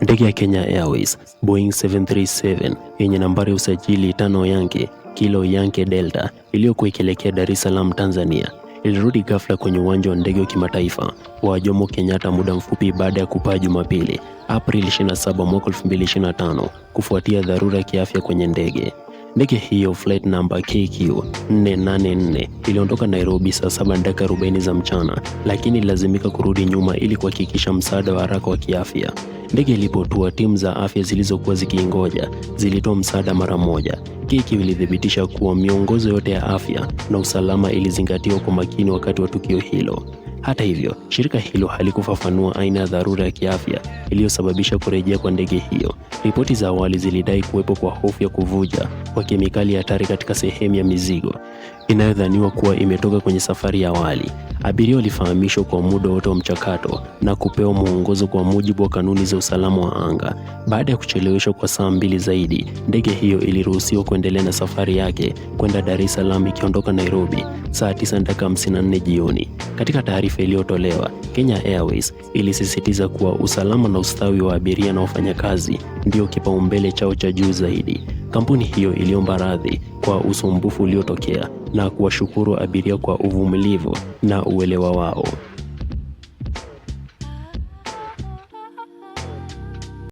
Ndege ya Kenya Airways Boeing 737 yenye nambari ya usajili tano yanke kilo yanke delta iliyokuwa ikielekea Dar es Salaam, Tanzania ilirudi ghafla kwenye uwanja wa ndege wa kimataifa wa Jomo Kenyatta muda mfupi baada ya kupaa Jumapili, Aprili 27 mwaka 2025 kufuatia dharura ya kiafya kwenye ndege. Ndege hiyo flight number KQ 484 iliondoka Nairobi saa 7 dakika 40 za mchana, lakini ililazimika kurudi nyuma ili kuhakikisha msaada wa haraka wa kiafya. Ndege ilipotua, timu za afya zilizokuwa zikiingoja zilitoa msaada mara moja. Kiki ilithibitisha kuwa miongozo yote ya afya na usalama ilizingatiwa kwa makini wakati wa tukio hilo. Hata hivyo, shirika hilo halikufafanua aina ya dharura ya kiafya iliyosababisha kurejea kwa ndege hiyo. Ripoti za awali zilidai kuwepo kwa hofu ya kuvuja kwa kemikali hatari katika sehemu ya mizigo inayodhaniwa kuwa imetoka kwenye safari ya awali. Abiria walifahamishwa kwa muda wote wa mchakato na kupewa mwongozo kwa mujibu wa kanuni za usalama wa anga. Baada ya kucheleweshwa kwa saa mbili zaidi, ndege hiyo iliruhusiwa kuendelea na safari yake kwenda Dar es Salaam ikiondoka Nairobi saa 9:54 jioni. Katika taarifa iliyotolewa, Kenya Airways ilisisitiza kuwa usalama na ustawi wa abiria na wafanyakazi ndio kipaumbele chao cha juu zaidi. Kampuni hiyo iliomba radhi kwa usumbufu uliotokea na kuwashukuru abiria kwa uvumilivu na uelewa wao.